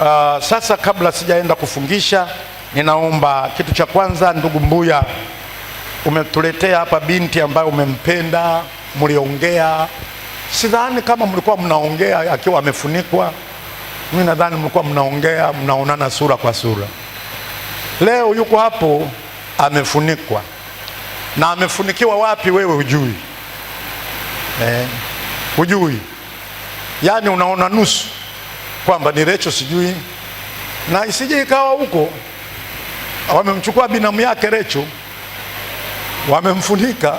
Uh, sasa kabla sijaenda kufungisha, ninaomba kitu cha kwanza, ndugu Mbuya, umetuletea hapa binti ambayo umempenda, mliongea. Sidhani kama mlikuwa mnaongea akiwa amefunikwa. Mimi nadhani mlikuwa mnaongea, mnaonana sura kwa sura. Leo yuko hapo amefunikwa, na amefunikiwa wapi wewe hujui, eh, hujui, yaani unaona nusu kwamba ni Recho sijui, na isije ikawa huko wamemchukua binamu yake Recho wamemfunika,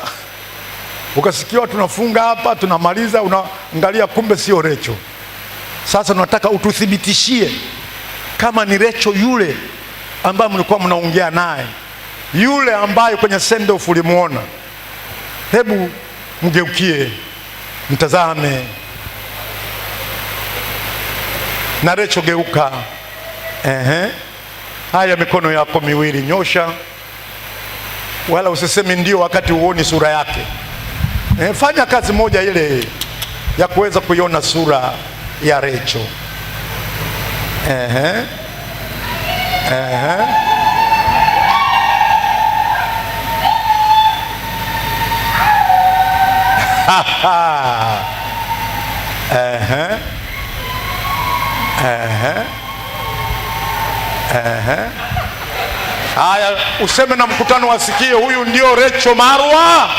ukasikiwa tunafunga hapa tunamaliza, unaangalia kumbe sio Recho. Sasa tunataka ututhibitishie kama ni Recho yule ambaye mlikuwa mnaongea naye, yule ambaye kwenye sendofu ulimuona. Hebu mgeukie mtazame. Na Recho, geuka. Ehe. Haya, mikono yako miwili nyosha, wala usisemi ndio wakati huoni sura yake. E, fanya kazi moja ile ya kuweza kuiona sura ya Recho. Ehe. Ehe. Ehe. Haya, useme na mkutano wasikie, huyu ndio Recho Marwa.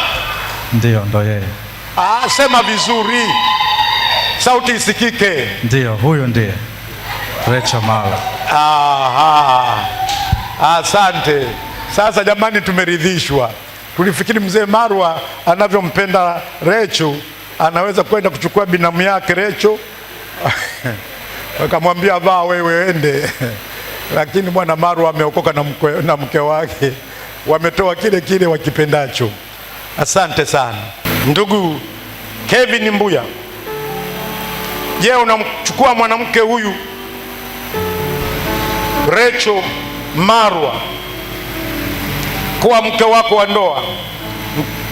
Ndio, ndo yeye. Ah, sema vizuri, sauti isikike. Ndio, huyu ndiye Recho Marwa. Aha. Asante. Sasa jamani, tumeridhishwa. Tulifikiri mzee Marwa anavyompenda Recho anaweza kwenda kuchukua binamu yake Recho wakamwambia vaa wewe ende. Lakini bwana Maru ameokoka na mke, na mke wake wametoa kile kile wakipendacho. Asante sana ndugu Kevin Mbuya. Je, unamchukua mwanamke huyu Recho Marwa kuwa mke wako wa ndoa,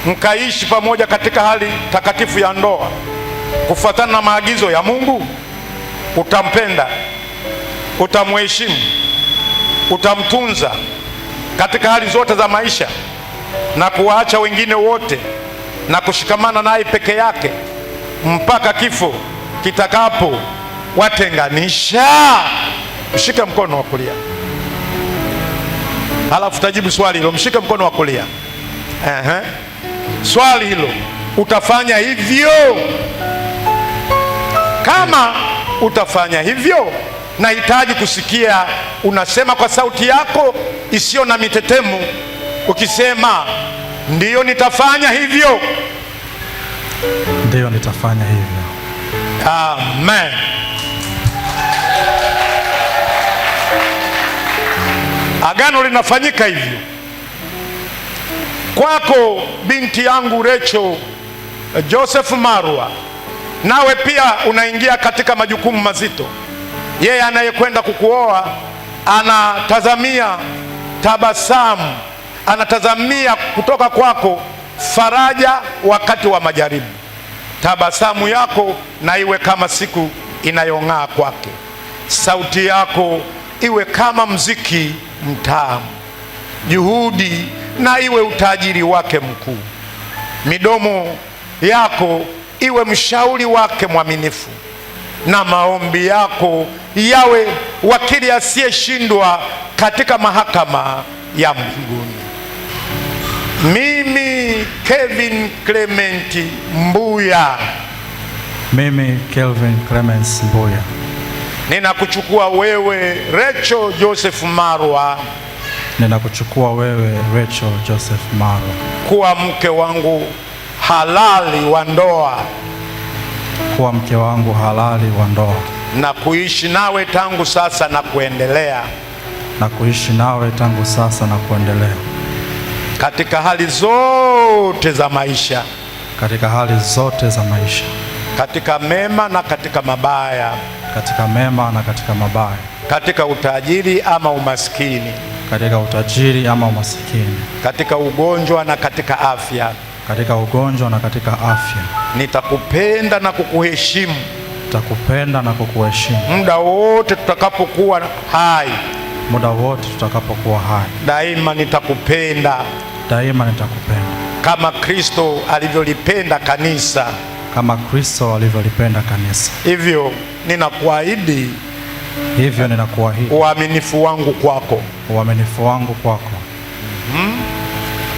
mkaishi pamoja katika hali takatifu ya ndoa kufuatana na maagizo ya Mungu? utampenda, utamheshimu, utamtunza katika hali zote za maisha na kuwaacha wengine wote na kushikamana naye peke yake mpaka kifo kitakapo watenganisha. Mshike mkono wa kulia, halafu tajibu swali hilo. Mshike mkono wa kulia. Aha. Swali hilo utafanya hivyo kama utafanya hivyo? Nahitaji kusikia unasema kwa sauti yako isiyo na mitetemo, ukisema ndiyo, nitafanya hivyo, ndiyo, nitafanya hivyo. Amen. Agano linafanyika hivyo kwako, binti yangu Recho Joseph Marwa nawe pia unaingia katika majukumu mazito. Yeye anayekwenda kukuoa anatazamia tabasamu, anatazamia kutoka kwako faraja wakati wa majaribu. Tabasamu yako na iwe kama siku inayong'aa kwake, sauti yako iwe kama mziki mtamu, juhudi na iwe utajiri wake mkuu, midomo yako iwe mshauri wake mwaminifu, na maombi yako yawe wakili asiyeshindwa katika mahakama ya mbinguni. Mimi kevin Clement Mbuya, mimi Kelvin Clemens Mbuya ninakuchukua wewe Recho Joseph Marwa, ninakuchukua wewe Recho Joseph Marwa kuwa mke wangu halali wa ndoa, kuwa mke wangu halali wa ndoa, na kuishi nawe tangu sasa na kuendelea, na kuishi nawe tangu sasa na kuendelea, katika hali zote za maisha, katika hali zote za maisha, katika mema na katika mabaya, katika mema na katika mabaya, katika utajiri ama umaskini, katika utajiri ama umaskini, katika ugonjwa na katika afya katika ugonjwa na katika afya. Nitakupenda na kukuheshimu, nitakupenda na kukuheshimu muda wote tutakapokuwa hai, muda wote tutakapokuwa hai. Daima nitakupenda, daima nitakupenda kama Kristo alivyolipenda kanisa, kama Kristo alivyolipenda kanisa. Hivyo ninakuahidi, hivyo ninakuahidi uaminifu wangu kwako, uaminifu wangu kwako. Mm-hmm.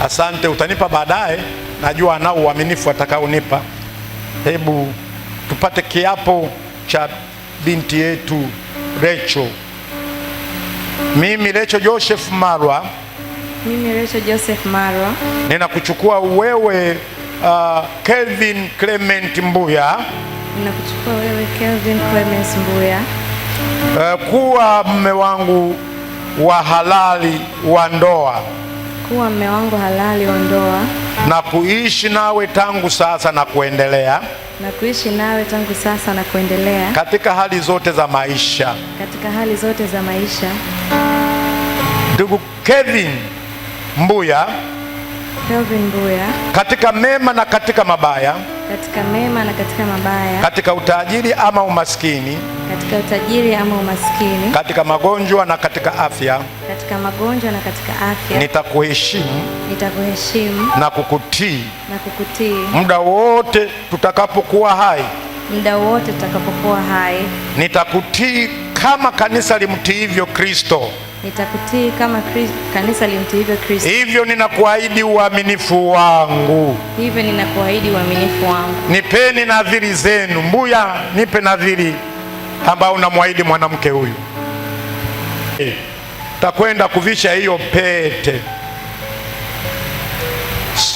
Asante, utanipa baadaye najua anao uaminifu atakaonipa. Hebu tupate kiapo cha binti yetu Recho. Mimi Recho Joseph Marwa, mimi Recho Joseph Marwa ninakuchukua wewe uh, Kelvin Clement Mbuya, ninakuchukua wewe Kelvin Clement Mbuya uh, kuwa mme wangu wa halali wa ndoa, kuwa mme wangu halali wa ndoa na kuishi nawe tangu sasa na kuendelea, na kuishi nawe tangu sasa na kuendelea, katika hali zote za maisha, katika hali zote za maisha. Ndugu Kevin Mbuya, Kevin Mbuya, katika mema na katika mabaya katika mema na katika mabaya, katika utajiri ama umaskini, katika utajiri ama umaskini, katika magonjwa na katika afya, katika magonjwa na katika afya. Nitakuheshimu, nitakuheshimu na kukutii, na kukutii muda wote tutakapokuwa hai, muda wote tutakapokuwa hai. Nitakutii kama kanisa limtiivyo Kristo. Nitakutii kama kanisa hivyo Kristo. Hivyo ninakuahidi uaminifu wangu. Hivyo ninakuahidi uaminifu wangu. Nipeni nadhiri zenu. Mbuya, nipe nadhiri ambayo unamwahidi mwanamke huyu. takwenda kuvisha hiyo pete.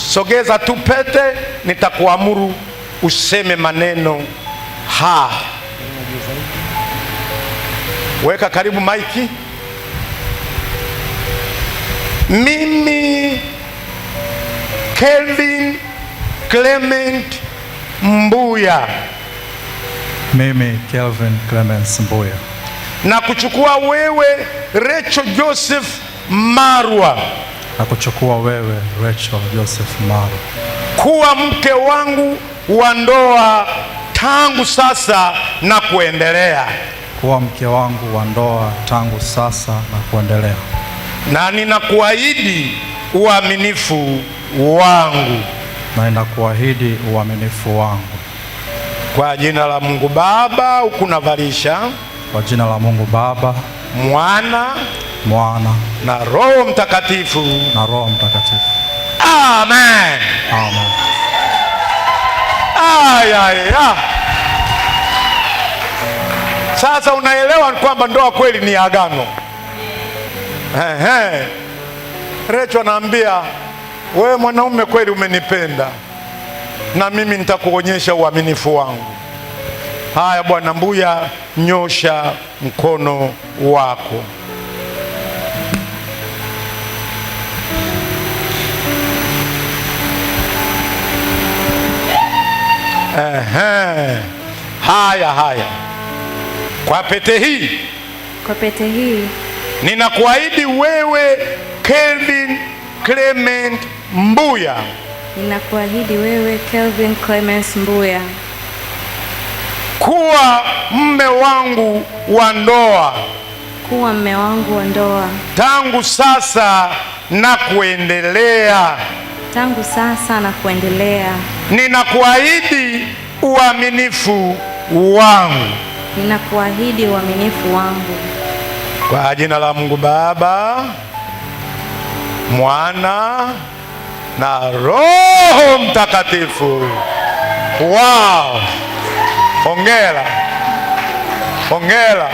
Sogeza tu pete, nitakuamuru useme maneno ha. Weka karibu maiki. Mimi Kelvin Clement Mbuya, mimi Kelvin Clement Mbuya, na kuchukua wewe Rachel Joseph Marwa, na kuchukua wewe Rachel Joseph Marwa kuwa mke wangu wa ndoa tangu sasa na kuendelea, kuwa mke wangu wa ndoa tangu sasa na kuendelea na ninakuahidi uaminifu wangu, na ninakuahidi uaminifu wangu. Kwa jina la Mungu Baba ukunavalisha, kwa jina la Mungu Baba, Mwana, Mwana na Roho Mtakatifu, na Roho Mtakatifu. Amen, amen. Aya, ah. Sasa unaelewa kwamba ndoa kweli ni agano. Ehe. Recho anaambia wewe mwanaume kweli umenipenda, na mimi nitakuonyesha uaminifu wangu. Haya bwana, mbuya nyosha mkono wako. Ehe. Haya haya, kwa pete hii, kwa pete hii Ninakuahidi wewe Kelvin Clement Mbuya, ninakuahidi wewe Kelvin Clement Mbuya kuwa mme wangu wa ndoa, kuwa mme wangu wa ndoa tangu sasa na kuendelea, tangu sasa na kuendelea. Ninakuahidi uaminifu wangu, ninakuahidi uaminifu wangu kwa jina la Mungu Baba, Mwana na Roho Mtakatifu. Wow! Hongera, hongera,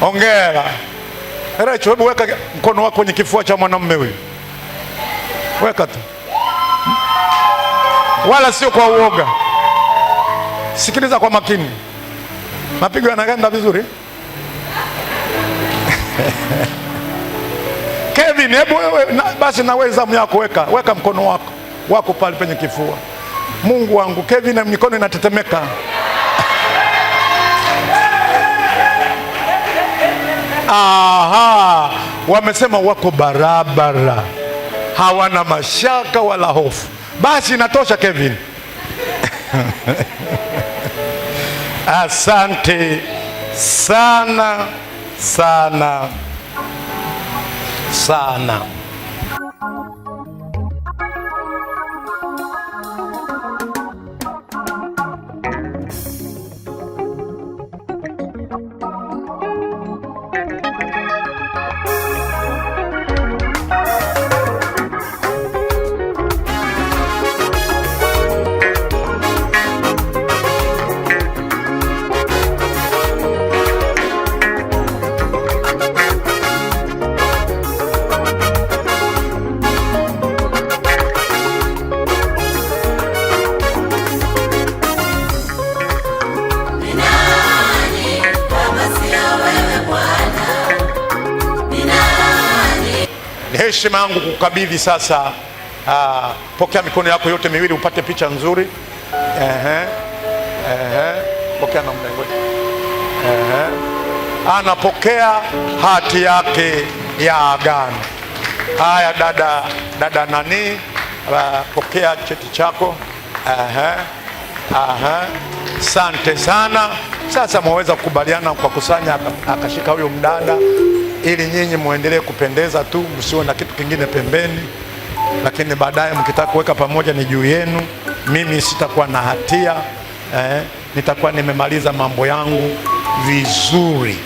hongera. Recho, hebu weka mkono wako kwenye kifua cha mwanamume huyu, weka tu, wala sio kwa uoga. Sikiliza kwa makini, mapigo yanaenda vizuri. Kevin, hebu wewe na, basi na wewe zamu yako, weka weka mkono wako wako pale penye kifua. Mungu wangu, Kevin mikono inatetemeka. Aha, wamesema wako barabara, hawana mashaka wala hofu. Basi inatosha Kevin. Asante sana sana sana. heshima yangu kukabidhi sasa. Uh, pokea mikono yako yote miwili upate picha nzuri. uh -huh. Uh -huh. Pokea namna hiyo. uh -huh. Anapokea hati yake ya agano. Haya dada, dada nani, uh, pokea cheti chako. Aha, aha, sante sana. Sasa mwaweza kukubaliana kwa kusanya, akashika huyo mdada ili nyinyi muendelee kupendeza tu, msiwe na kitu kingine pembeni, lakini baadaye mkitaka kuweka pamoja ni juu yenu. Mimi sitakuwa na hatia eh, nitakuwa nimemaliza mambo yangu vizuri.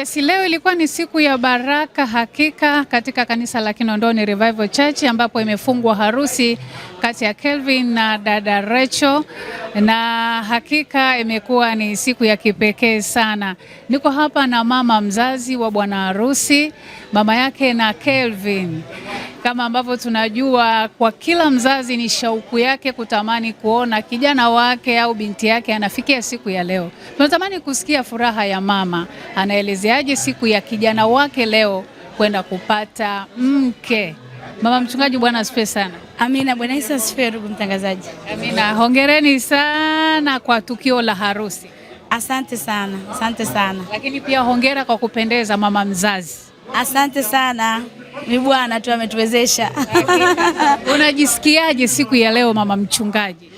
Yes, leo ilikuwa ni siku ya baraka hakika katika kanisa la Kinondoni Revival Church ambapo imefungwa harusi kati ya Kelvin na dada Rachel na hakika imekuwa ni siku ya kipekee sana. Niko hapa na mama mzazi wa bwana harusi, mama yake na Kelvin. Kama ambavyo tunajua, kwa kila mzazi ni shauku yake kutamani kuona kijana wake au binti yake anafikia siku ya leo. Tunatamani kusikia furaha ya mama, anaelezeaje siku ya kijana wake leo kwenda kupata mke. Mama mchungaji, Bwana asifiwe sana. Amina. Bwana Yesu asifiwe, ndugu mtangazaji. Amina. Hongereni sana kwa tukio la harusi. Asante sana, asante sana. Lakini pia hongera kwa kupendeza, mama mzazi. Asante sana, ni Bwana tu ametuwezesha. Unajisikiaje siku ya leo, mama mchungaji?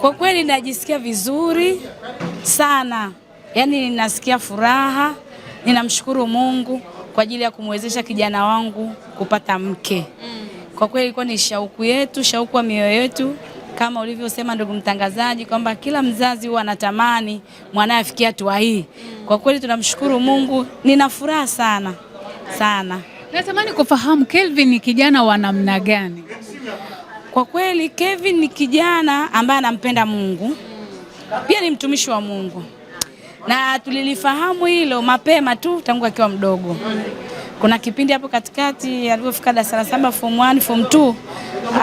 Kwa kweli najisikia vizuri sana, yaani ninasikia furaha. Ninamshukuru Mungu kwa ajili ya kumwezesha kijana wangu kupata mke. Kwa kweli ilikuwa ni shauku yetu, shauku ya mioyo yetu, kama ulivyosema ndugu mtangazaji, kwamba kila mzazi huwa anatamani mwanae afikie hatua hii. Kwa kweli tunamshukuru Mungu, nina furaha sana sana. Natamani kufahamu Kelvin ni kijana wa namna gani? Kwa kweli Kelvin ni kijana ambaye anampenda Mungu, pia ni mtumishi wa Mungu, na tulilifahamu hilo mapema tu tangu akiwa mdogo. Kuna kipindi hapo katikati alipofika darasa la saba form 1 form 2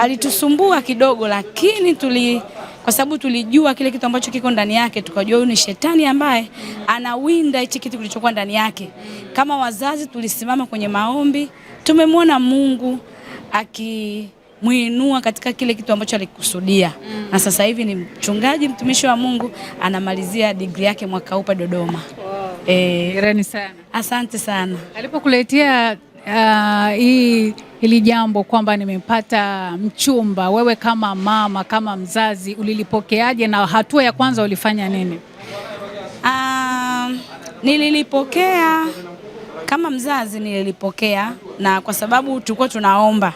alitusumbua kidogo, lakini tuli kwa sababu tulijua kile kitu ambacho kiko ndani yake, tukajua huyu ni shetani ambaye anawinda hichi kitu kilichokuwa ndani yake. Kama wazazi tulisimama kwenye maombi, tumemwona Mungu akimuinua katika kile kitu ambacho alikusudia, na sasa hivi ni mchungaji mtumishi wa Mungu, anamalizia digri yake mwaka upa Dodoma. Eh, Irani sana, asante sana. Alipokuletea uh, hii uh, hili jambo kwamba nimepata mchumba, wewe kama mama, kama mzazi, ulilipokeaje na hatua ya kwanza ulifanya nini? Uh, nililipokea kama mzazi, nililipokea na kwa sababu tulikuwa tunaomba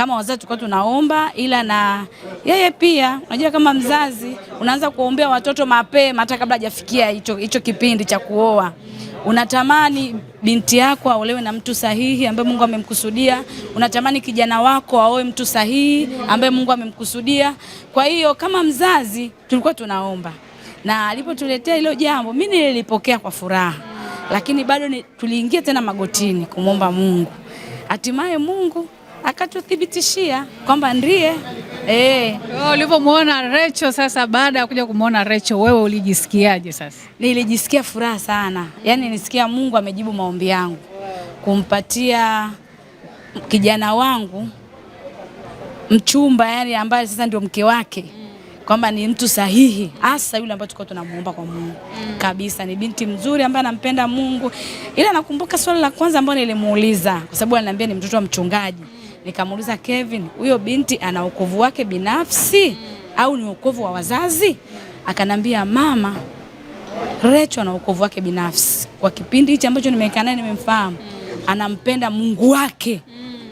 kama wazazi tulikuwa tunaomba, ila na yeye pia, unajua kama mzazi unaanza kuombea watoto mapema, hata kabla hajafikia hicho hicho kipindi cha kuoa. Unatamani binti yako aolewe na mtu sahihi ambaye Mungu amemkusudia. Unatamani kijana wako aoe mtu sahihi ambaye Mungu amemkusudia. Kwa hiyo kama mzazi tulikuwa tunaomba, na alipotuletea hilo jambo, mimi nilipokea kwa furaha, lakini bado tuliingia tena magotini kumwomba Mungu, hatimaye Mungu akatuthibitishia kwamba ndiye eh. Ulivyomwona Recho sasa, baada ya kuja kumwona Recho, wewe ulijisikiaje? Sasa nilijisikia furaha sana, yaani nisikia Mungu amejibu maombi yangu kumpatia kijana wangu mchumba, yani ambaye sasa ndio mke wake kwamba ni mtu sahihi hasa yule ambaye tulikuwa tunamuomba kwa Mungu mm. Kabisa ni binti mzuri ambaye anampenda Mungu, ila nakumbuka swali la kwanza ambalo nilimuuliza, kwa sababu ananiambia ni mtoto wa mchungaji mm. Nikamuuliza Kevin, huyo binti ana wokovu wake binafsi au ni wokovu wa wazazi? Akanambia mama Recho ana wokovu wake binafsi. Kwa kipindi hichi ambacho nimekaa naye nimemfahamu, anampenda Mungu wake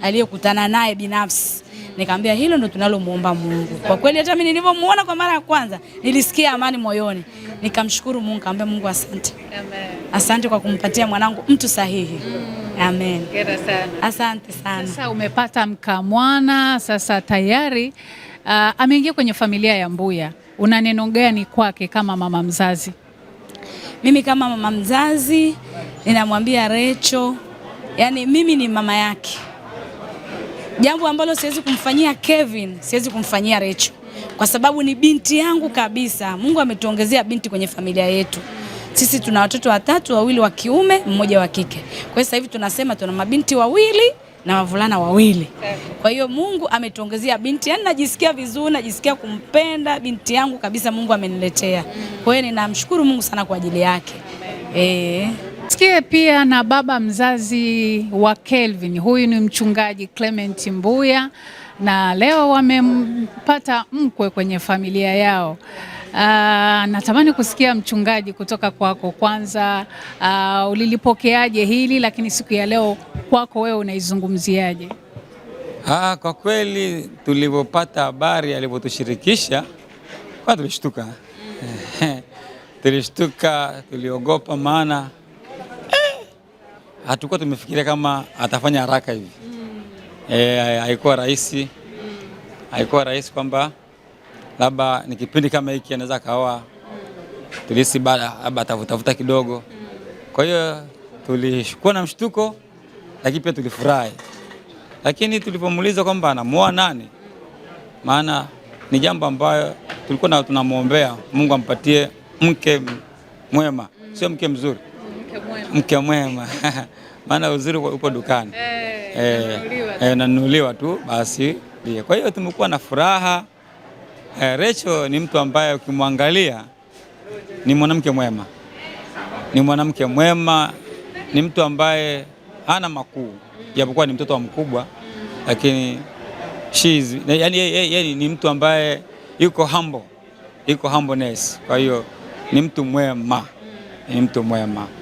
aliyekutana naye binafsi. Nikamwambia hilo ndo tunalomuomba Mungu. Kwa kweli hata mimi nilivyomuona kwa mara ya kwanza nilisikia amani moyoni, nikamshukuru Mungu, nikamwambia Mungu asante, asante kwa kumpatia mwanangu mtu sahihi. Amen. Hongera sana. Asante sana. Sasa umepata mkamwana, sasa tayari uh, ameingia kwenye familia ya Mbuya. Una neno gani kwake kama mama mzazi? Mimi kama mama mzazi ninamwambia Recho, yani mimi ni mama yake. Jambo ambalo siwezi kumfanyia Kevin, siwezi kumfanyia Recho kwa sababu ni binti yangu kabisa. Mungu ametuongezea binti kwenye familia yetu. Sisi tuna watoto watatu, wawili wa kiume, mmoja wa kike. Kwa hiyo sasa hivi tunasema tuna mabinti wawili na wavulana wawili. Kwa hiyo Mungu ametuongezea binti, yaani najisikia vizuri, najisikia kumpenda binti yangu kabisa, Mungu ameniletea. Kwa hiyo ninamshukuru Mungu sana kwa ajili yake. Eh. Sikie pia na baba mzazi wa Kelvin, huyu ni mchungaji Clement Mbuya, na leo wamempata mkwe kwenye familia yao. Uh, natamani kusikia mchungaji, kutoka kwako kwanza, uh, ulilipokeaje hili lakini siku ya leo kwako wewe unaizungumziaje? Ah, kwa kweli tulivyopata habari alivyotushirikisha kwa tulishtuka Tulishtuka, tuliogopa, maana eh, hatukuwa tumefikiria kama atafanya haraka hivi mm. Eh, haikuwa rahisi mm. Haikuwa rahisi kwamba labda ni kipindi kama hiki anaweza kaoa, tulihisi labda tafutafuta kidogo. Kwa hiyo tulishukua na mshtuko, lakini pia tulifurahi. Lakini tulipomuuliza kwamba anamuoa nani, maana ni jambo ambayo tulikuwa tunamwombea Mungu ampatie mke mwema, sio mke mzuri, mke mwema maana uzuri uko dukani, eh, eh, nanunuliwa eh, tu basi. Kwa hiyo tumekuwa na furaha. Eh, Recho ni mtu ambaye ukimwangalia ni mwanamke mwema, ni mwanamke mwema, ni mtu ambaye hana makuu, japokuwa ni mtoto wa mkubwa, lakini she is yani, yeye ni mtu ambaye yuko humble, yuko humbleness. Kwa hiyo ni mtu mwema, ni mtu mwema.